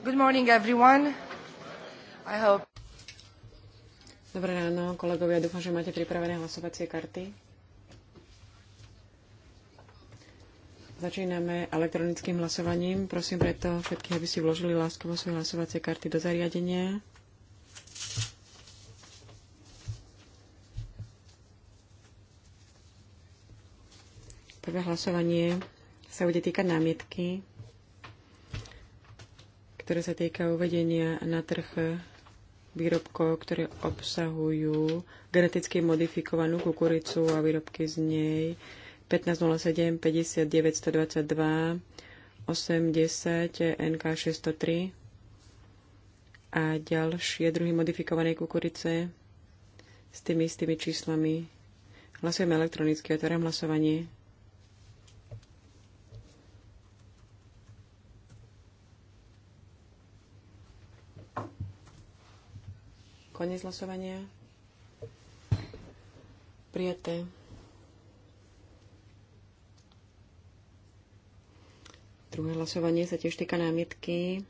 Good morning, everyone. I hope... Dobré ráno, kolegovia. Dúfam, že máte pripravené hlasovacie karty. Začíname elektronickým hlasovaním. Prosím preto všetkých, aby si vložili láskovo svoje hlasovacie karty do zariadenia. Prvé hlasovanie sa bude týkať námietky ktoré sa týka uvedenia na trh výrobkov, ktoré obsahujú geneticky modifikovanú kukuricu a výrobky z nej 1507, 5922 810, NK 603 a ďalšie druhy modifikovanej kukurice s tými istými číslami. Hlasujeme elektronicky, otváram hlasovanie. Konec hlasovania. Prijaté. Druhé hlasovanie sa tiež týka námietky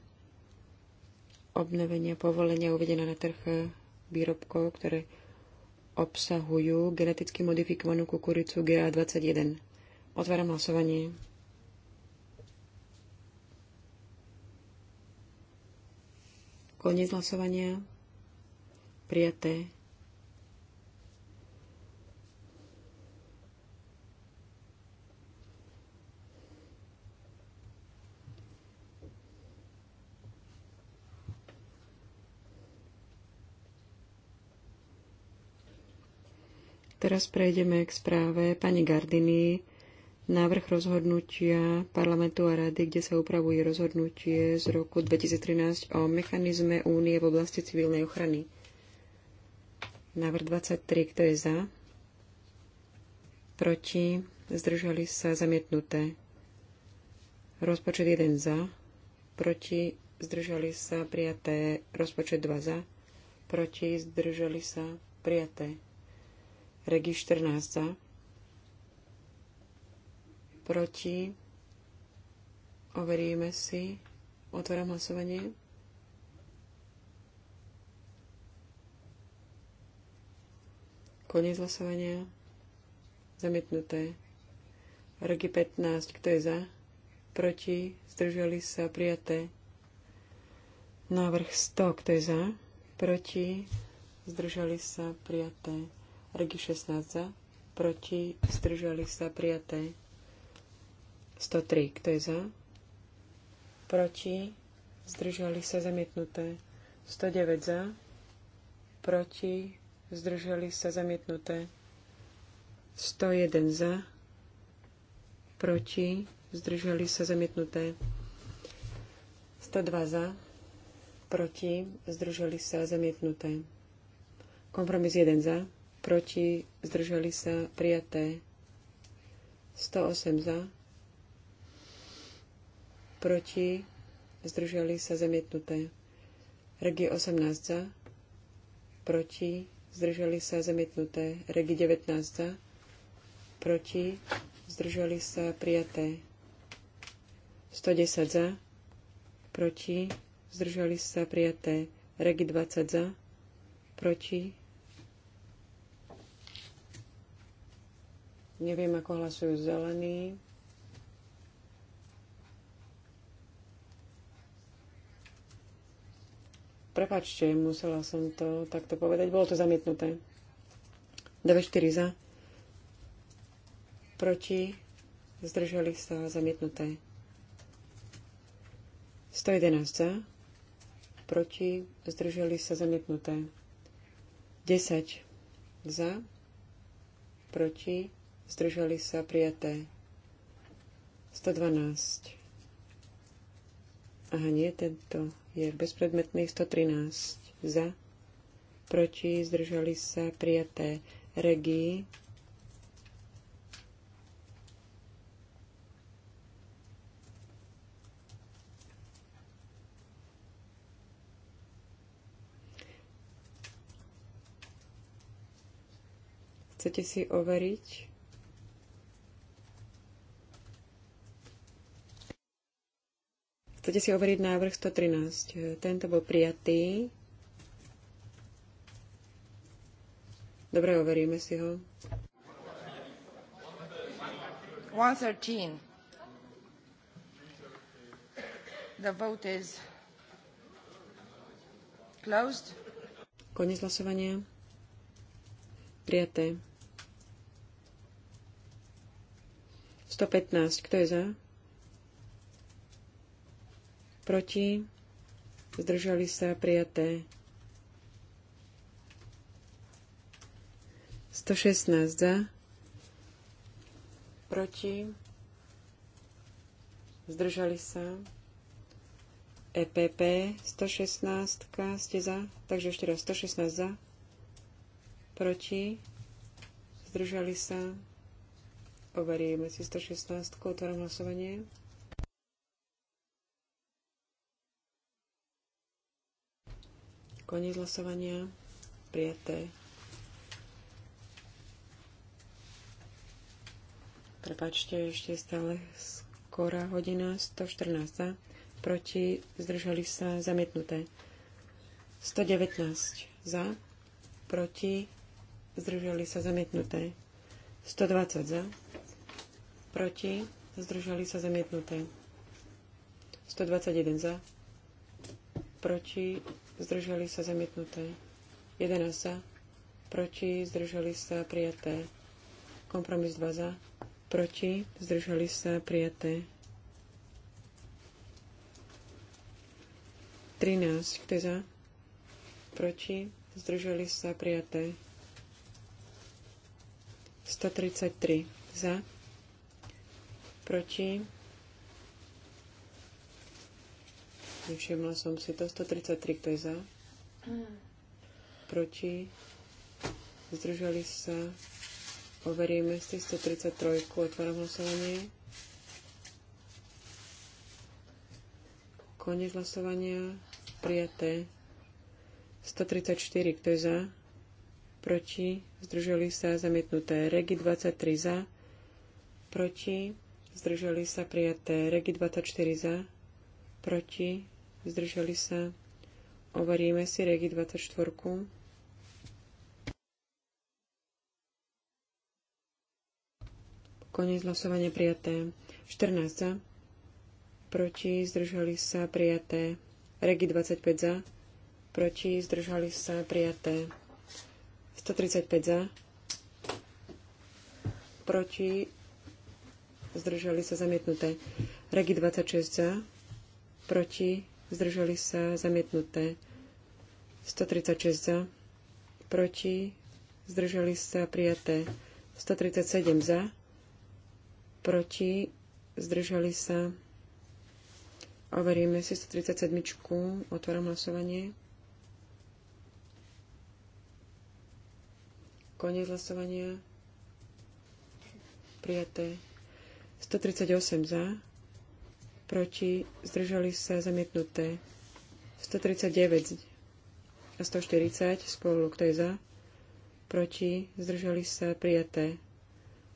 obnovenia povolenia uvedené na trh výrobkov, ktoré obsahujú geneticky modifikovanú kukuricu GA21. Otváram hlasovanie. Koniec hlasovania prijaté. Teraz prejdeme k správe pani Gardiny. Návrh rozhodnutia parlamentu a rady, kde sa upravuje rozhodnutie z roku 2013 o mechanizme únie v oblasti civilnej ochrany. Návrh 23, kto je za? Proti? Zdržali sa zamietnuté. Rozpočet 1 za. Proti? Zdržali sa prijaté. Rozpočet 2 za. Proti? Zdržali sa prijaté. Regi 14 za. Proti? Overíme si. Otváram hlasovanie. Koniec hlasovania. Zamietnuté. Regi 15. Kto je za? Proti? Zdržali sa? Prijaté. Návrh 100. Kto je za? Proti? Zdržali sa? Prijaté. Regi 16. Za? Proti? Zdržali sa? Prijaté. 103. Kto je za? Proti? Zdržali sa? Zamietnuté. 109 za? Proti? zdržali sa zamietnuté. 101 za, proti, zdržali sa zamietnuté. 102 za, proti, zdržali sa zamietnuté. Kompromis 1 za, proti, zdržali sa prijaté. 108 za, proti, zdržali sa zamietnuté. Regie 18 za, proti, zdržali sa zamietnuté. Regi 19 za, proti, zdržali sa prijaté. 110 za, proti, zdržali sa prijaté. Regi 20 za, proti. Neviem, ako hlasujú zelení. prepáčte, musela som to takto povedať. Bolo to zamietnuté. 9-4 za. Proti. Zdržali sa zamietnuté. 111 za. Proti. Zdržali sa zamietnuté. 10 za. Proti. Zdržali sa prijaté. 112 Aha, nie, tento je bezpredmetný 113 za, proti, zdržali sa prijaté regi. Chcete si overiť? Chcete si overiť návrh 113. E, tento bol prijatý. Dobre, overíme si ho. 113. The vote is closed. Konec hlasovania. Prijaté. 115. Kto je za? proti, zdržali sa prijaté. 116 za, proti, zdržali sa. EPP 116 ste za, takže ešte raz 116 za, proti, zdržali sa. Overíme si 116, otváram hlasovanie. Koniec hlasovania. Prijaté. Prepačte, ešte stále skora hodina 114. Za. Proti zdržali sa zamietnuté. 119 za. Proti zdržali sa zamietnuté. 120 za. Proti zdržali sa zamietnuté. 121 za. Proti zdržali sa zamietnuté. 11 za, proti, zdržali sa prijaté. Kompromis 2 za, proti, zdržali sa prijaté. 13, kto je za? Proti, zdržali sa prijaté. 133 za, proti, Nevšimla som si to. 133, kto je za? Proti? Zdržali sa? Overíme si 133. Otváram hlasovanie. Konec hlasovania. Prijaté. 134, kto je za? Proti? Zdržali sa? Zamietnuté. Regi 23 za? Proti? Zdržali sa? Prijaté. Regi 24 za? proti, zdržali sa. Overíme si regi 24. Koniec hlasovania prijaté. 14 za, proti, zdržali sa, prijaté. Regi 25 za, proti, zdržali sa, prijaté. 135 za, proti, zdržali sa, zamietnuté. Regi 26 za, proti, zdržali sa zamietnuté. 136 za, proti, zdržali sa prijaté. 137 za, proti, zdržali sa. Overíme si 137. Otváram hlasovanie. Koniec hlasovania. Prijaté. 138 za, proti, zdržali sa zamietnuté. 139 a 140 spolu, kto je za, proti, zdržali sa prijaté.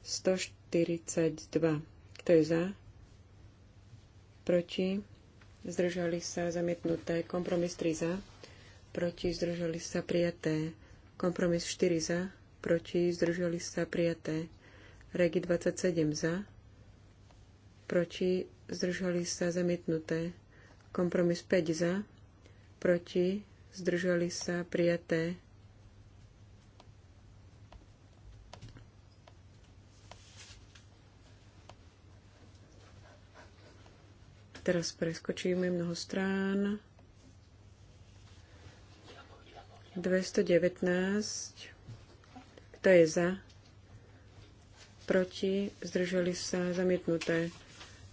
142, kto je za, proti, zdržali sa zamietnuté. Kompromis 3 za, proti, zdržali sa prijaté. Kompromis 4 za, proti, zdržali sa prijaté. Regi 27 za, proti, zdržali sa zamietnuté. Kompromis 5 za, proti, zdržali sa prijaté. Teraz preskočíme mnoho strán. 219. Kto je za? Proti? Zdržali sa zamietnuté.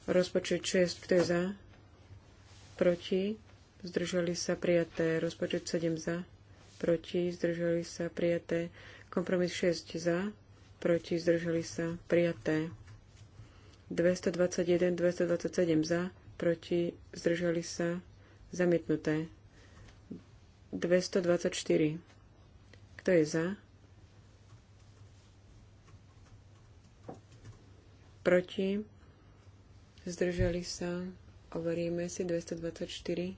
Rozpočet 6, kto je za? Proti? Zdržali sa prijaté. Rozpočet 7 za. Proti? Zdržali sa prijaté. Kompromis 6 za. Proti? Zdržali sa prijaté. 221, 227 za. Proti? Zdržali sa zamietnuté. 224. Kto je za? Proti? zdržali sa, overíme si 224,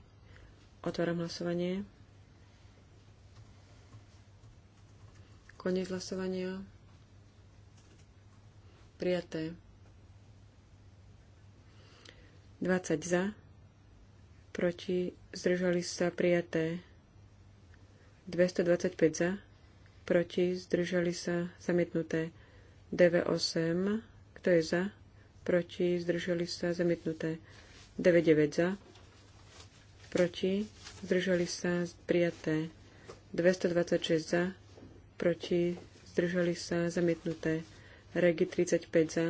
otváram hlasovanie. Koniec hlasovania. Prijaté. 20 za. Proti. Zdržali sa prijaté. 225 za. Proti. Zdržali sa zamietnuté. DV8. Kto je za? proti, zdržali sa, zamietnuté. 99 za, proti, zdržali sa, prijaté. 226 za, proti, zdržali sa, zamietnuté. Regi 35 za,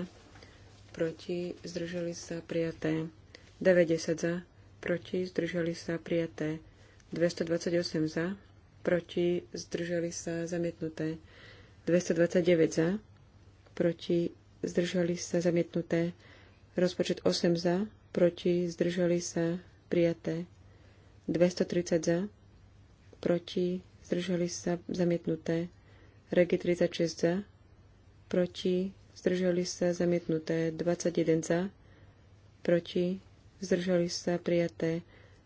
proti, zdržali sa, prijaté. 90 za, proti, zdržali sa, prijaté. 228 za, proti, zdržali sa, zamietnuté. 229 za, proti, zdržali sa zamietnuté. Rozpočet 8 za, proti, zdržali sa prijaté. 230 za, proti, zdržali sa zamietnuté. Regi 36 za, proti, zdržali sa zamietnuté. 21 za, proti, zdržali sa prijaté.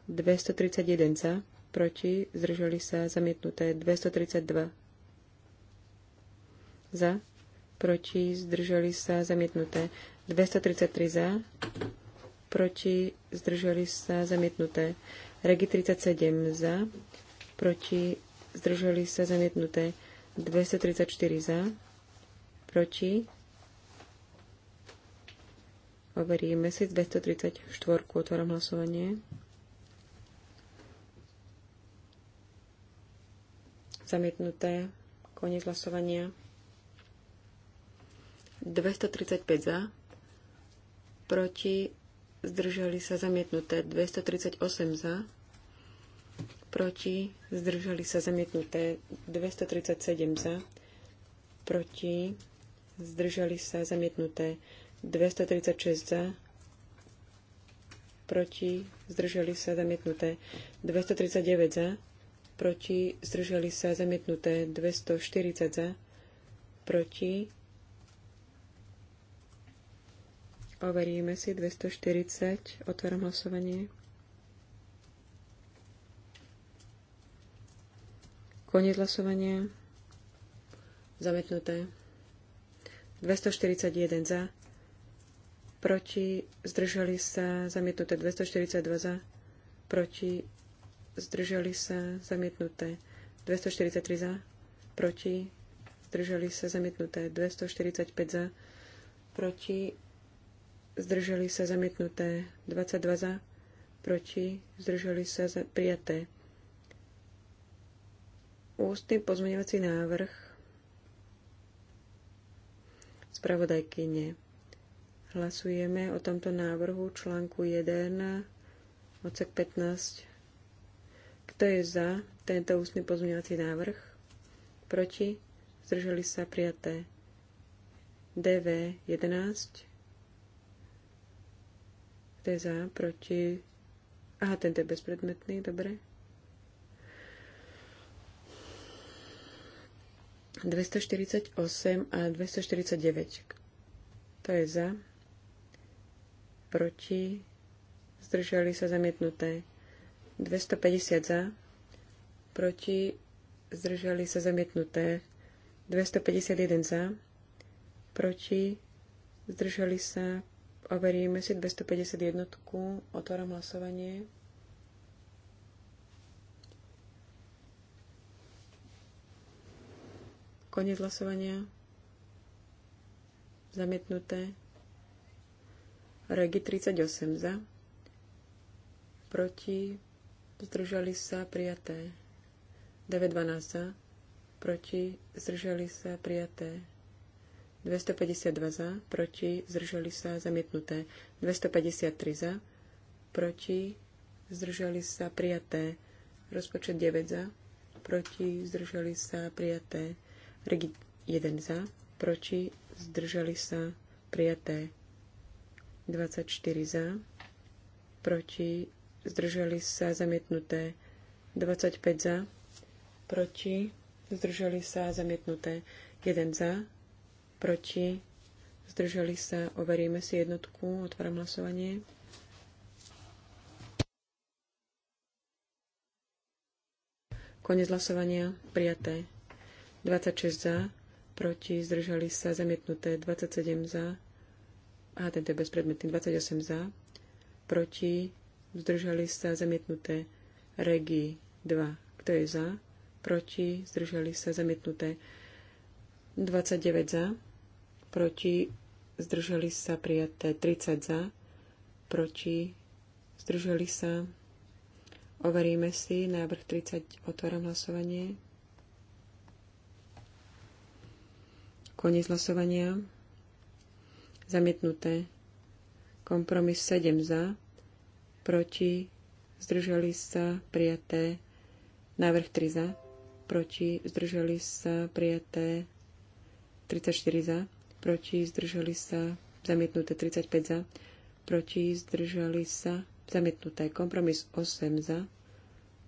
231 za, proti, zdržali sa zamietnuté. 232 za, proti, zdrželi sa, zamietnuté. 233 za, proti, zdrželi sa, zamietnuté. Regi 37 za, proti, zdrželi sa, zamietnuté. 234 za, proti, overíme si 234, otváram hlasovanie. Zamietnuté, koniec hlasovania. 235 za, proti, zdržali sa zamietnuté 238 za, proti, zdržali sa zamietnuté 237 za, proti, zdržali sa zamietnuté 236 za, proti, zdržali sa zamietnuté 239 za, proti, zdržali sa zamietnuté 240 za, proti, Overíme si 240. Otváram hlasovanie. Koniec hlasovania. Zametnuté. 241 za. Proti. Zdržali sa. Zamietnuté. 242 za. Proti. Zdržali sa. Zamietnuté. 243 za. Proti. Zdržali sa. Zamietnuté. 245 za. Proti zdržali sa zamietnuté 22 za, proti zdržali sa za, prijaté. Ústny pozmeňovací návrh spravodajkyne. Hlasujeme o tomto návrhu článku 1 odsek 15. Kto je za tento ústny pozmeňovací návrh? Proti? Zdržali sa prijaté. DV 11 to je za, proti. Aha, ten je bezpredmetný, dobre. 248 a 249. To je za, proti, zdržali sa zamietnuté. 250 za, proti, zdržali sa zamietnuté. 251 za, proti, zdržali sa Overíme si 251. Otváram hlasovanie. Konec hlasovania. Zamietnuté. Regi 38 za. Proti. Zdržali sa prijaté. 912 za. Proti. Zdržali sa prijaté. 252 za, proti, zdržali sa, zamietnuté. 253 za, proti, zdržali sa, prijaté. Rozpočet 9 za, proti, zdržali sa, prijaté. Regi 1 za, proti, zdržali sa, prijaté. 24 za, proti, zdržali sa, zamietnuté. 25 za, proti, zdržali sa, zamietnuté. 1 za, proti, zdržali sa, overíme si jednotku, otváram hlasovanie. Konec hlasovania prijaté. 26 za, proti, zdržali sa, zamietnuté 27 za, a tento je bezpredmetný, 28 za, proti, zdržali sa, zamietnuté regi 2, kto je za, proti, zdržali sa, zamietnuté 29 za, proti, zdržali sa prijaté 30 za, proti, zdržali sa. Overíme si návrh 30, otváram hlasovanie. Koniec hlasovania. Zamietnuté. Kompromis 7 za, proti, zdržali sa, prijaté. Návrh 3 za, proti, zdržali sa, prijaté. 34 za proti zdržali sa zamietnuté 35 za, proti zdržali sa zamietnuté kompromis 8 za,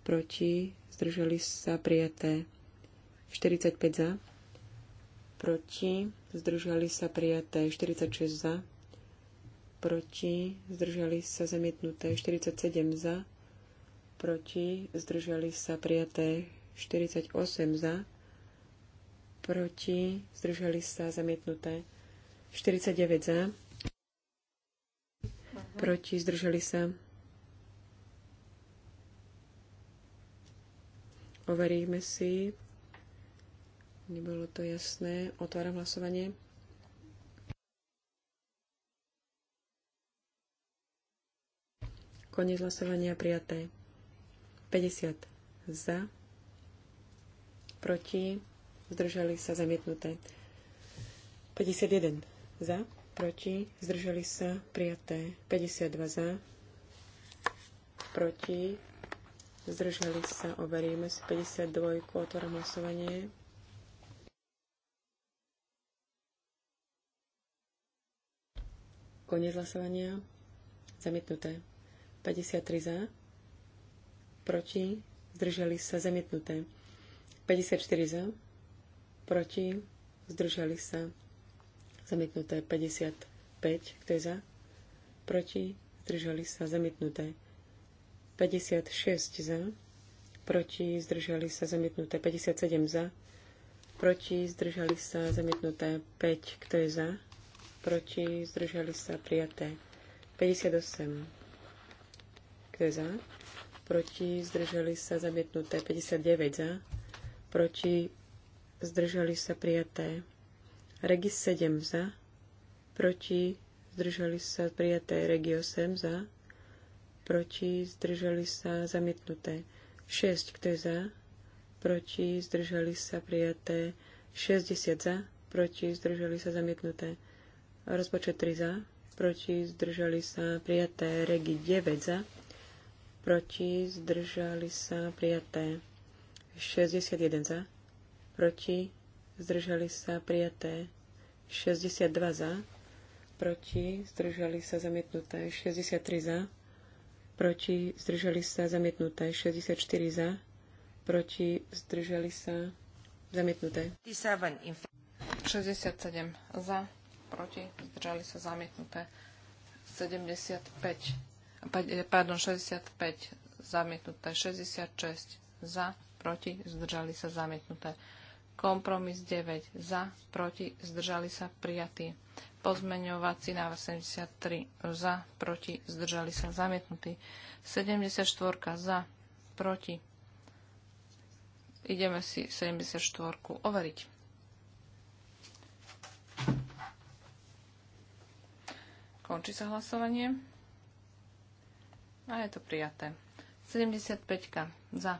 proti zdržali sa prijaté 45 za, proti zdržali sa prijaté 46 za, proti zdržali sa zamietnuté 47 za, proti zdržali sa prijaté 48 za, proti, zdržali sa zamietnuté. 49 za, proti, zdržali sa. Overíme si. Nebolo to jasné. Otváram hlasovanie. Konec hlasovania prijaté. 50 za, proti, zdržali sa zamietnuté. 51 za, proti, zdržali sa prijaté. 52 za, proti, zdržali sa, overíme si 52, otvorím hlasovanie. Koniec hlasovania. Zamietnuté. 53 za. Proti. Zdržali sa. Zamietnuté. 54 za proti, zdržali sa, zamietnuté 55, kto je za, proti, zdržali sa, zamietnuté 56 za, proti, zdržali sa, zamietnuté 57 za, proti, zdržali sa, zamietnuté 5, kto je za, proti, zdržali sa, prijaté 58, kto je za, proti, zdržali sa, zamietnuté 59 za, proti, zdržali sa prijaté. Regis 7 za, proti, zdržali sa prijaté. Regio 8 za, proti, zdržali sa zamietnuté. 6, kto je za, proti, zdržali sa prijaté. 60 za, proti, zdržali sa zamietnuté. Rozpočet 3 za, proti, zdržali sa prijaté. Regi 9 za, proti, zdržali sa prijaté. 61 za, proti, zdržali sa prijaté 62 za, proti, zdržali sa zamietnuté 63 za, proti, zdržali sa zamietnuté 64 za, proti, zdržali sa zamietnuté 67 za, proti, zdržali sa zamietnuté 75, eh, pardon, 65 zamietnuté 66 za, proti, zdržali sa zamietnuté Kompromis 9 za, proti, zdržali sa prijatí. Pozmeňovací návrh 73 za, proti, zdržali sa zamietnutí. 74 za, proti. Ideme si 74 overiť. Končí sa hlasovanie. A je to prijaté. 75 za,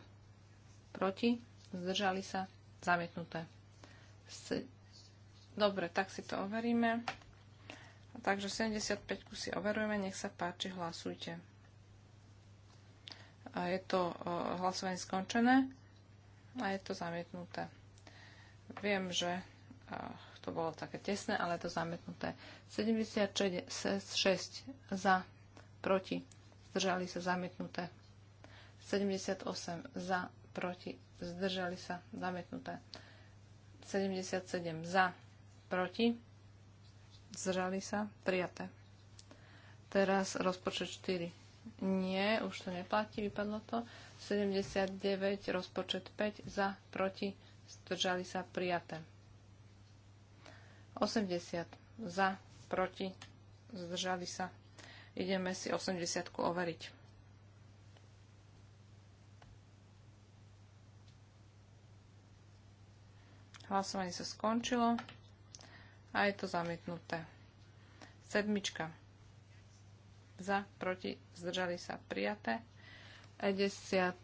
proti, zdržali sa Zamietnuté. Dobre, tak si to overíme. Takže 75 si overujeme, nech sa páči, hlasujte. A je to hlasovanie skončené a je to zamietnuté. Viem, že to bolo také tesné, ale je to zamietnuté. 76 za, proti, zdržali sa zamietnuté. 78 za, proti, zdržali sa, zamietnuté. 77 za, proti, zdržali sa, prijaté. Teraz rozpočet 4. Nie, už to neplatí, vypadlo to. 79, rozpočet 5, za, proti, zdržali sa, prijaté. 80, za, proti, zdržali sa. Ideme si 80 overiť. Hlasovanie sa skončilo a je to zamietnuté. Sedmička. Za, proti, zdržali sa prijaté. 81.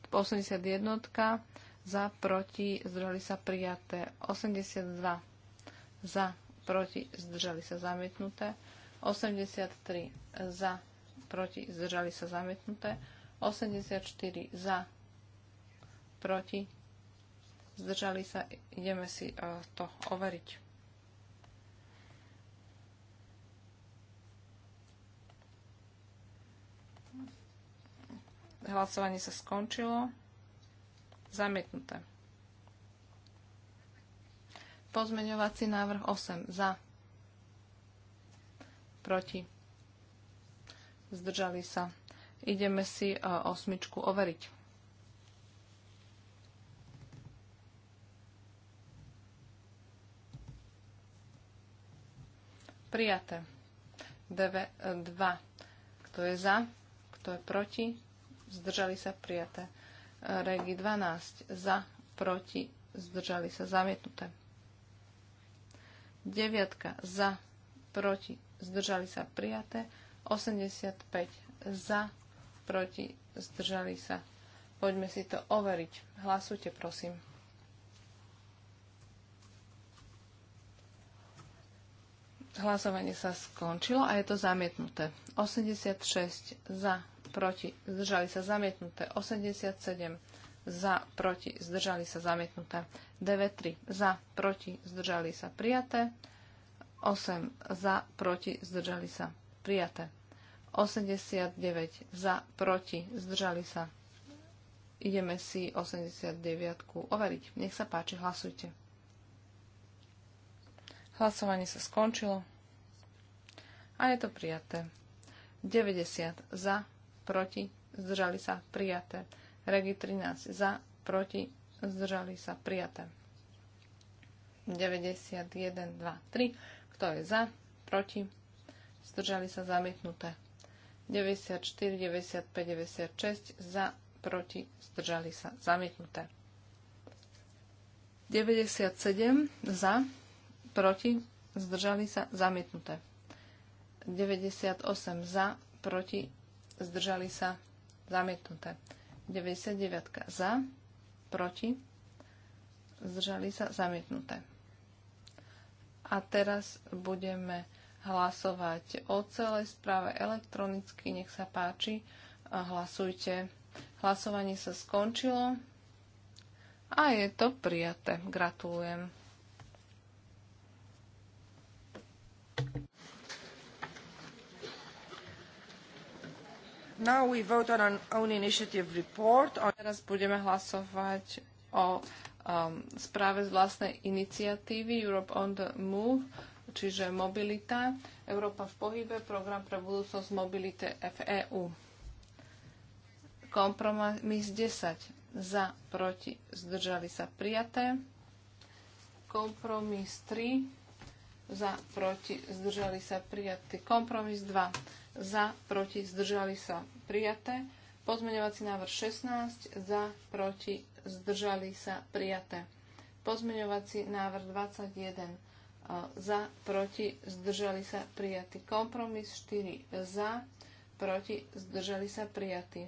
Za, proti, zdržali sa prijaté. 82. Za, proti, zdržali sa zamietnuté. 83. Za, proti, zdržali sa zamietnuté. 84. Za, proti, zdržali sa, ideme si e, to overiť. Hlasovanie sa skončilo. Zamietnuté. Pozmeňovací návrh 8. Za. Proti. Zdržali sa. Ideme si e, osmičku overiť. prijaté. DV2. E, Kto je za? Kto je proti? Zdržali sa prijaté. E, Regi 12. Za, proti, zdržali sa zamietnuté. Deviatka. Za, proti, zdržali sa prijaté. 85. Za, proti, zdržali sa. Poďme si to overiť. Hlasujte, prosím. Hlasovanie sa skončilo a je to zamietnuté. 86 za, proti, zdržali sa zamietnuté. 87 za, proti, zdržali sa zamietnuté. 93 za, proti, zdržali sa prijaté. 8 za, proti, zdržali sa prijaté. 89 za, proti, zdržali sa. Ideme si 89 overiť. Nech sa páči, hlasujte. Hlasovanie sa skončilo. A je to prijaté. 90 za, proti, zdržali sa, prijaté. Regi 13 za, proti, zdržali sa, prijaté. 91, 2, 3. Kto je za, proti, zdržali sa, zamietnuté. 94, 95, 96 za, proti, zdržali sa, zamietnuté. 97 za, proti, zdržali sa, zamietnuté. 98 za, proti, zdržali sa, zamietnuté. 99 za, proti, zdržali sa, zamietnuté. A teraz budeme hlasovať o celej správe elektronicky. Nech sa páči, hlasujte. Hlasovanie sa skončilo a je to prijaté. Gratulujem. Now we vote on own initiative report. On... Teraz budeme hlasovať o um, správe z vlastnej iniciatívy Europe on the Move, čiže mobilita, Európa v pohybe, program pre budúcnosť mobility v EU. Kompromis 10. Za, proti, zdržali sa prijaté. Kompromis 3 za, proti, zdržali sa prijaté. Kompromis 2 za, proti, zdržali sa prijaté. Pozmeňovací návrh 16 za, proti, zdržali sa prijaté. Pozmeňovací návrh 21 e, za, proti, zdržali sa prijatý. Kompromis 4 za, proti, zdržali sa prijatý.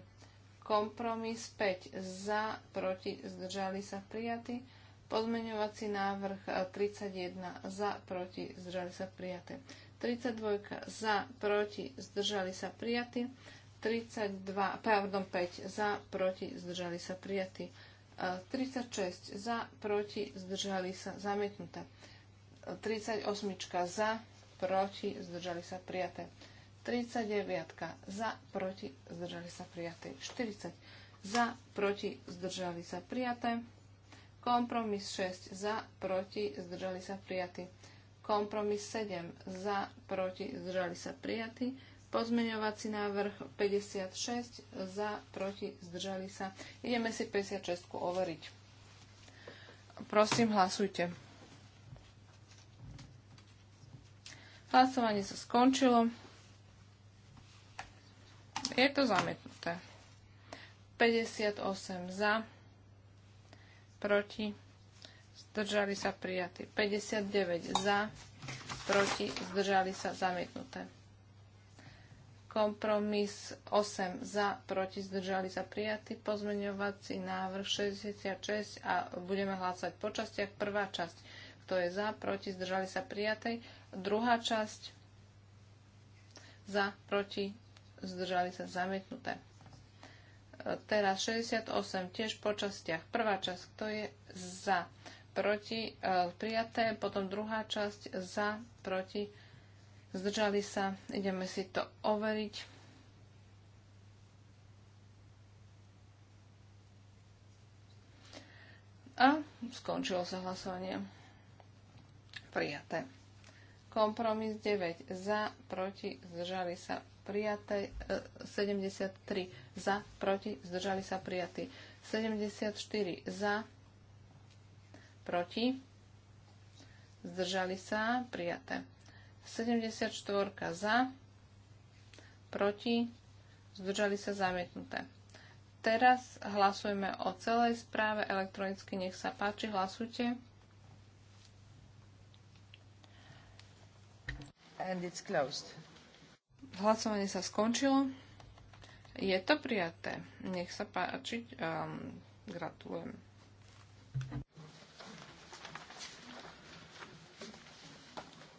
Kompromis 5 za, proti, zdržali sa prijatý Pozmeňovací návrh 31 e, za, proti, zdržali sa prijaté. 32 za, proti, zdržali sa prijaté. 32, pardon, 5 za, proti, zdržali sa prijaté. 36 e, za, proti, zdržali sa zamietnuté. 38 e, za, proti, zdržali sa prijaté. 39 za, proti, zdržali sa prijaté. 40 za, proti, zdržali sa prijaté. Kompromis 6 za, proti, zdržali sa prijatí. Kompromis 7 za, proti, zdržali sa prijatí. Pozmeňovací návrh 56 za, proti, zdržali sa. Ideme si 56 overiť. Prosím, hlasujte. Hlasovanie sa skončilo. Je to zamietnuté. 58 za, proti, zdržali sa prijatí. 59 za, proti, zdržali sa zamietnuté. Kompromis 8 za, proti, zdržali sa prijatí. Pozmeňovací návrh 66 a budeme hlásať po častiach. Prvá časť, kto je za, proti, zdržali sa prijatej. Druhá časť, za, proti, zdržali sa zamietnuté. Teraz 68 tiež po častiach. Prvá časť, kto je za, proti, e, prijaté. Potom druhá časť, za, proti, zdržali sa. Ideme si to overiť. A skončilo sa hlasovanie. Prijaté. Kompromis 9 za, proti, zdržali sa. Prijaté e, 73 za, proti, zdržali sa prijatí. 74 za, proti, zdržali sa prijaté. 74 za, proti, zdržali sa zamietnuté. Teraz hlasujeme o celej správe elektronicky. Nech sa páči, hlasujte. And it's closed. Hlasovanie sa skončilo. Je to prijaté. Nech sa páči. Um, gratulujem.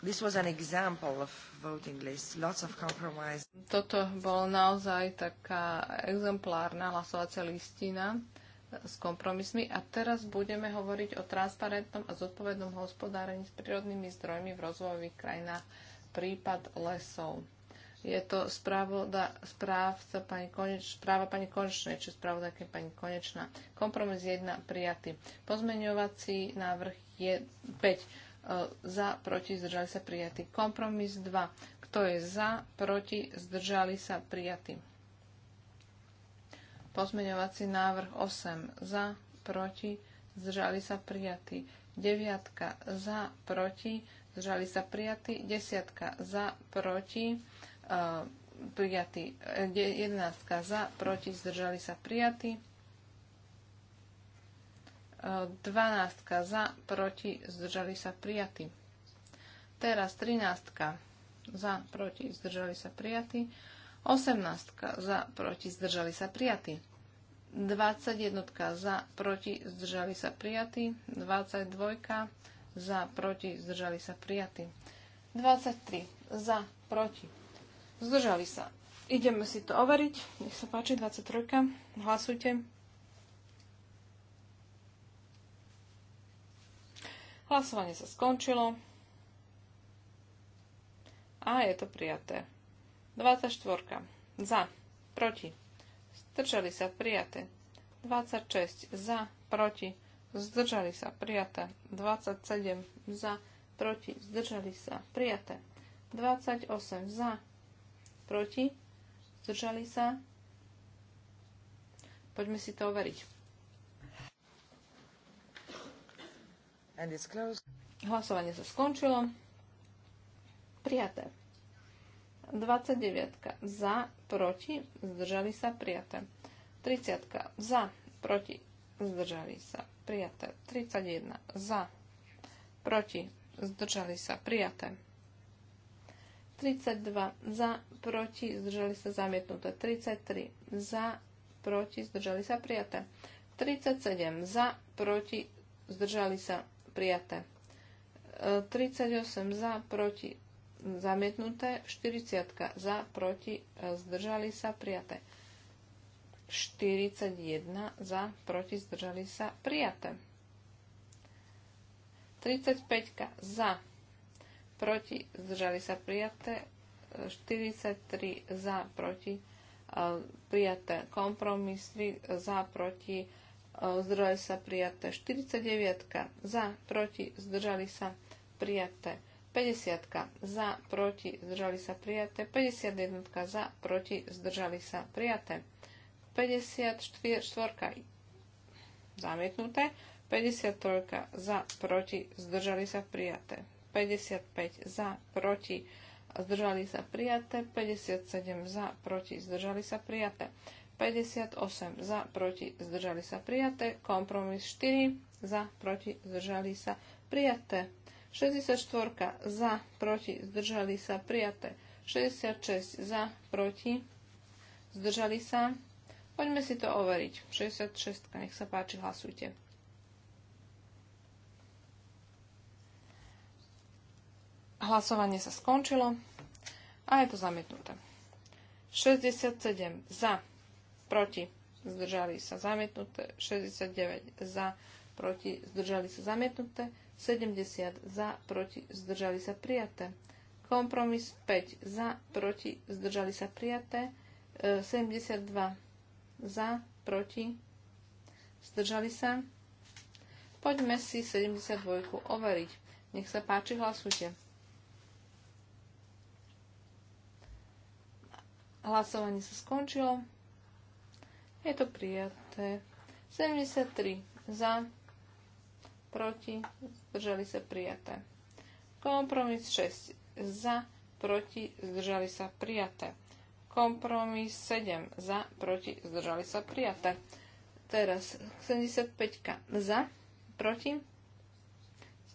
This was an example of voting list, lots of compromise. Toto bolo naozaj taká exemplárna hlasovacia listina s kompromismi a teraz budeme hovoriť o transparentnom a zodpovednom hospodárení s prírodnými zdrojmi v rozvojových krajinách prípad lesov. Je to správoda, správca pani Koneč, správa pani Konečnej, či správoda pani Konečná. Kompromis 1 prijatý. Pozmeňovací návrh je 5 e, za, proti, zdržali sa prijatí. Kompromis 2. Kto je za, proti, zdržali sa prijatí. Pozmeňovací návrh 8. Za, proti, zdržali sa prijatí. 9. Za, proti, zdržali sa prijatí. 10. Za, proti, Eh, prijatý. 11 eh, za, proti, zdržali sa prijatí. 12 eh, za, proti, zdržali sa prijatí. Teraz 13 za, proti, zdržali sa prijatí. 18 za, proti, zdržali sa prijatí. 21 za, proti, zdržali sa prijatí. 22 za, proti, zdržali sa prijatí. 23 za, proti, Zdržali sa. Ideme si to overiť. Nech sa páči, 23. Hlasujte. Hlasovanie sa skončilo. A je to prijaté. 24. Za. Proti. Zdržali sa prijaté. 26. Za. Proti. Zdržali sa prijaté. 27. Za. Proti. Zdržali sa prijaté. 28. Za proti, zdržali sa. Poďme si to overiť. Hlasovanie sa skončilo. Prijaté. 29. Za, proti, zdržali sa, prijaté. 30. Za, proti, zdržali sa, prijaté. 31. Za, proti, zdržali sa, prijaté. 32 za, proti, zdržali sa zamietnuté. 33 za, proti, zdržali sa prijaté. 37 za, proti, zdržali sa prijaté. 38 e, za, proti, zamietnuté. 40 e, za, proti, zdržali sa prijaté. 41 za, proti, zdržali sa prijaté. 35 za, proti, zdržali sa prijaté, 43 za, proti, e, prijaté kompromis, 3 e, za, proti, zdržali sa prijaté, 49 za, proti, zdržali sa prijaté, 50 za, proti, zdržali sa prijaté, 51 za, proti, zdržali sa prijaté, 54 zamietnuté, 53 za, proti, zdržali sa prijaté. 55 za, proti, zdržali sa prijaté, 57 za, proti, zdržali sa prijaté, 58 za, proti, zdržali sa prijaté, kompromis 4 za, proti, zdržali sa prijaté, 64 za, proti, zdržali sa prijaté, 66 za, proti, zdržali sa. Poďme si to overiť. 66, nech sa páči, hlasujte. Hlasovanie sa skončilo a je to zamietnuté. 67 za, proti, zdržali sa zamietnuté. 69 za, proti, zdržali sa zamietnuté. 70 za, proti, zdržali sa prijaté. Kompromis 5 za, proti, zdržali sa prijaté. 72 e, za, proti, zdržali sa. Poďme si 72 overiť. Nech sa páči, hlasujte. Hlasovanie sa skončilo. Je to prijaté. 73 za, proti, zdržali sa prijaté. Kompromis 6 za, proti, zdržali sa prijaté. Kompromis 7 za, proti, zdržali sa prijaté. Teraz 75 za, proti,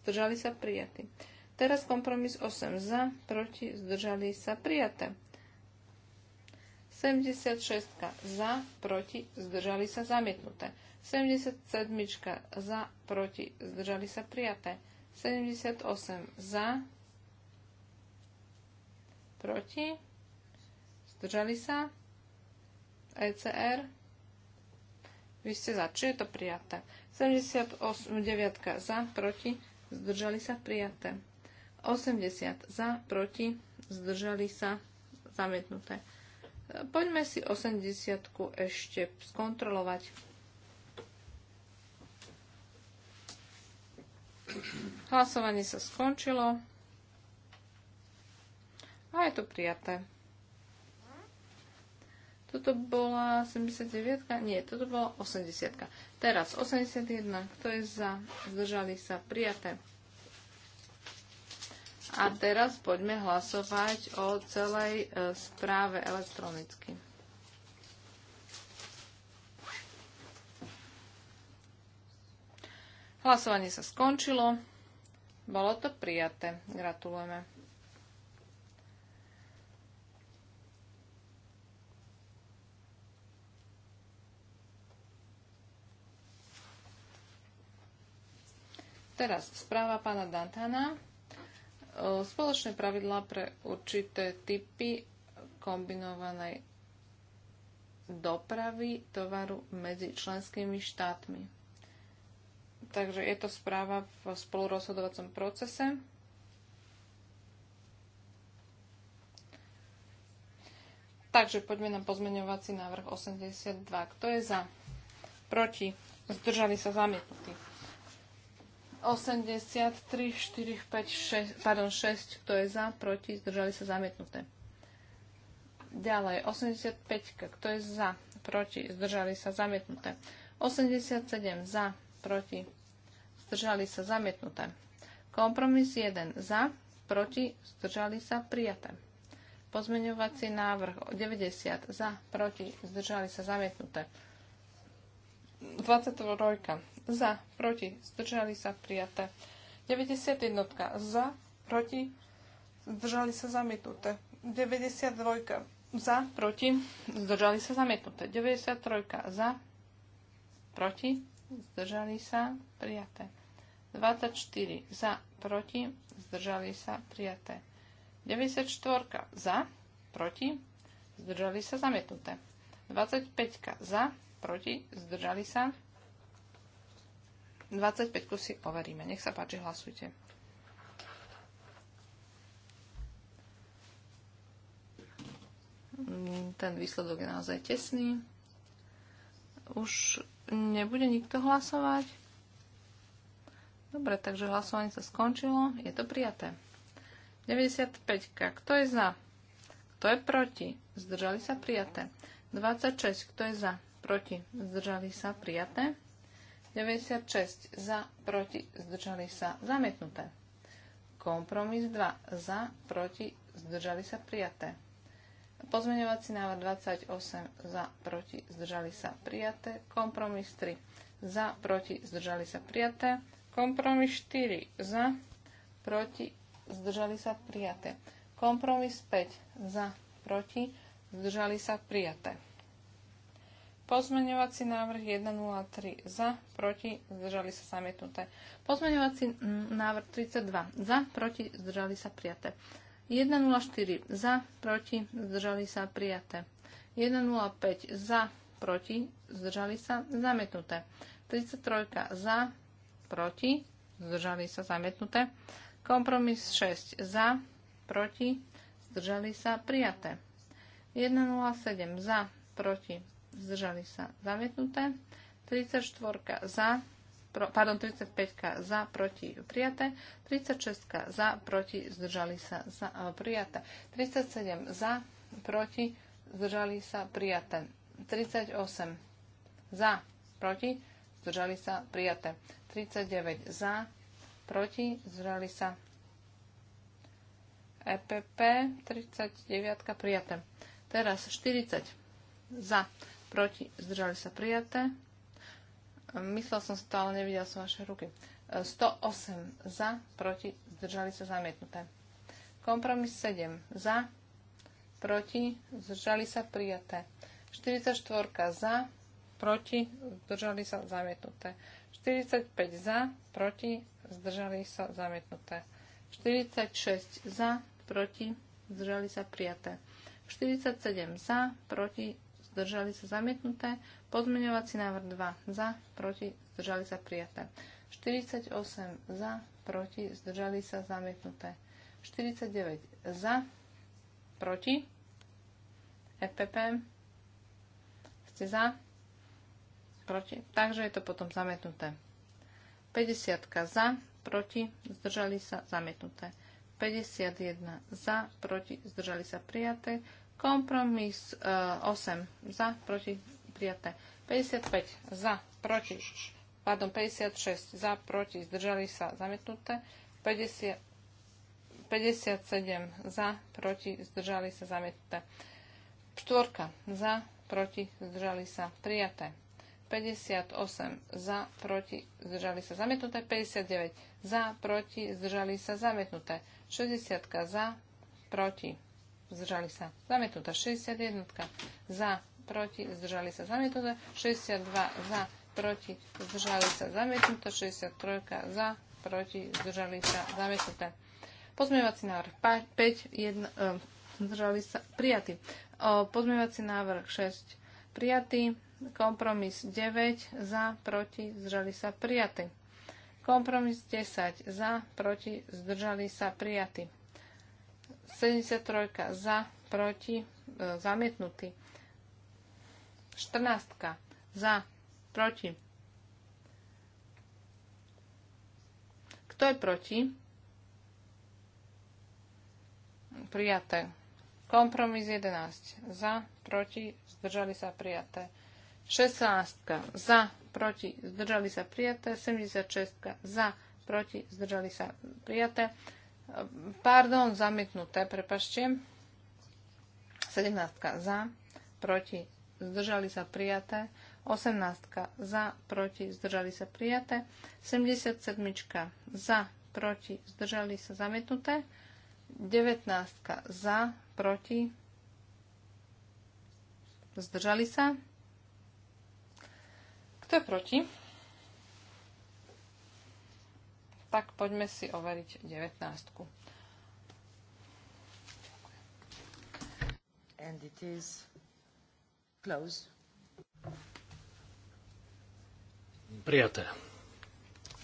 zdržali sa prijaté. Teraz kompromis 8 za, proti, zdržali sa prijaté. 76 za, proti, zdržali sa zamietnuté. 77 za, proti, zdržali sa prijaté. 78 za, proti, zdržali sa, ECR, vy ste za, či je to prijaté. 78, 9 za, proti, zdržali sa, prijaté. 80 za, proti, zdržali sa, zamietnuté. Poďme si 80 ešte skontrolovať. Hlasovanie sa skončilo. A je to prijaté. Toto bola 79 Nie, toto bola 80 Teraz 81. Kto je za? Zdržali sa? Prijaté. A teraz poďme hlasovať o celej e, správe elektronicky. Hlasovanie sa skončilo. Bolo to prijaté. Gratulujeme. Teraz správa pána Dantana spoločné pravidlá pre určité typy kombinovanej dopravy tovaru medzi členskými štátmi. Takže je to správa v spolurozhodovacom procese. Takže poďme na pozmeňovací návrh 82. Kto je za? Proti? Zdržali sa zamietnutí. 83, 4, 5, 6, pardon, 6, kto je za, proti, zdržali sa zamietnuté. Ďalej, 85, kto je za, proti, zdržali sa zamietnuté. 87 za, proti, zdržali sa zamietnuté. Kompromis 1 za, proti, zdržali sa prijaté. Pozmeňovací návrh 90 za, proti, zdržali sa zamietnuté. 22 za, proti, zdržali sa prijaté. 91 za, proti, zdržali sa zamietnuté. 92 za, proti, zdržali sa zamietnuté. 93 za, proti, zdržali sa prijaté. 24 za, proti, zdržali sa prijaté. 94 za, proti, zdržali sa zamietnuté. 25 za, proti, zdržali sa. 25 kusy overíme. Nech sa páči, hlasujte. Ten výsledok je naozaj tesný. Už nebude nikto hlasovať. Dobre, takže hlasovanie sa skončilo. Je to prijaté. 95. Kto je za? Kto je proti? Zdržali sa prijaté. 26. Kto je za? proti, zdržali sa, prijaté. 96 za, proti, zdržali sa, zamietnuté. Kompromis 2 za, proti, zdržali sa, prijaté. Pozmeňovací návrh 28 za, proti, zdržali sa, prijaté. Kompromis 3 za, proti, zdržali sa, prijaté. Kompromis 4 za, proti, zdržali sa, prijaté. Kompromis 5 za, proti, zdržali sa, prijaté. Pozmeňovací návrh 103 za, proti, zdržali sa zamietnuté. Pozmeňovací návrh 32 za, proti, zdržali sa prijaté. 104 za, proti, zdržali sa prijaté. 105 za, proti, zdržali sa zamietnuté. 33 za, proti, zdržali sa zamietnuté. Kompromis 6 za, proti, zdržali sa prijaté. 107 za, proti, zdržali sa zamietnuté. 34 za, pro, pardon, 35 za, proti prijaté, 36 za, proti zdržali sa za, eh, prijaté, 37 za, proti zdržali sa prijaté, 38 za, proti zdržali sa prijaté, 39 za, proti zdržali sa EPP 39 prijaté. Teraz 40 za, proti, zdržali sa prijaté. Myslel som si to, ale nevidel som vaše ruky. 108 e, za, proti, zdržali sa zamietnuté. Kompromis 7 za, proti, zdržali sa prijaté. 44 za, proti, zdržali sa zamietnuté. 45 za, proti, zdržali sa zamietnuté. 46 za, proti, zdržali sa prijaté. 47 za, proti, zdržali sa zamietnuté, pozmeňovací návrh 2 za, proti, zdržali sa prijaté. 48 za, proti, zdržali sa zamietnuté. 49 za, proti, FPP, ste za, proti, takže je to potom zamietnuté. 50 za, proti, zdržali sa, zamietnuté. 51 za, proti, zdržali sa, prijaté. Kompromis 8 e, za, proti, prijaté. 55 za, proti, pardon, 56 za, proti, zdržali sa, zamietnuté. 50, 57 za, proti, zdržali sa, zamietnuté. 4 za, proti, zdržali sa, prijaté. 58 za, proti, zdržali sa, zamietnuté. 59 za, proti, zdržali sa, zamietnuté. 60 za, proti, zdržali sa Zamietnutá 61 za, proti, zdržali sa Zamietnutá 62 za, proti, zdržali sa Zamietnutá 63 za, proti, zdržali sa Zamietnutá. Pozmievací návrh 5, 1, e, zdržali sa, prijatý. Pozmievací návrh 6, prijatý. Kompromis 9, za, proti, zdržali sa, prijatý. Kompromis 10, za, proti, zdržali sa, prijatý. 73 za, proti, e, zamietnutý. 14 za, proti. Kto je proti? Prijaté. Kompromis 11. Za, proti, zdržali sa prijaté. 16. Za, proti, zdržali sa prijaté. 76. Za, proti, zdržali sa prijaté. Pardon, zamietnuté, prepašte. 17 za, proti, zdržali sa prijaté. 18 za, proti, zdržali sa prijaté. 77 za, proti, zdržali sa zamietnuté. 19 za, proti, zdržali sa. Kto je proti? tak poďme si overiť 19. And it is close. Prijaté.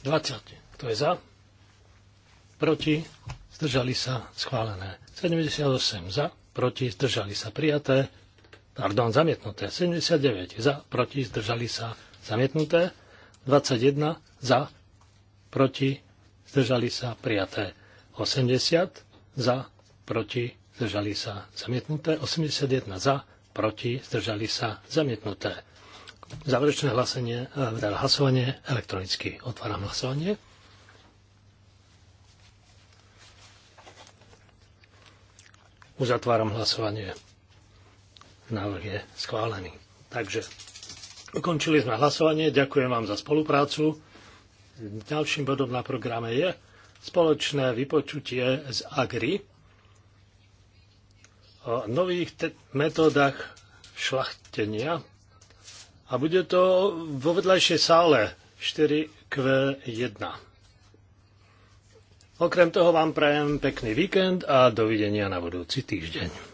20. Kto je za? Proti? Zdržali sa? Schválené. 78. Za? Proti? Zdržali sa? Prijaté. Pardon, zamietnuté. 79. Za? Proti? Zdržali sa? Zamietnuté. 21. Za? Proti? zdržali sa prijaté 80 za, proti, zdržali sa zamietnuté 81 za, proti, zdržali sa zamietnuté. Záverečné hlasenie, eh, teda hlasovanie elektronicky. Otváram hlasovanie. Uzatváram hlasovanie. Návrh je schválený. Takže ukončili sme hlasovanie. Ďakujem vám za spoluprácu. Ďalším bodom na programe je spoločné vypočutie z Agri o nových metodách šlachtenia a bude to vo vedľajšej sále 4Q1. Okrem toho vám prajem pekný víkend a dovidenia na budúci týždeň.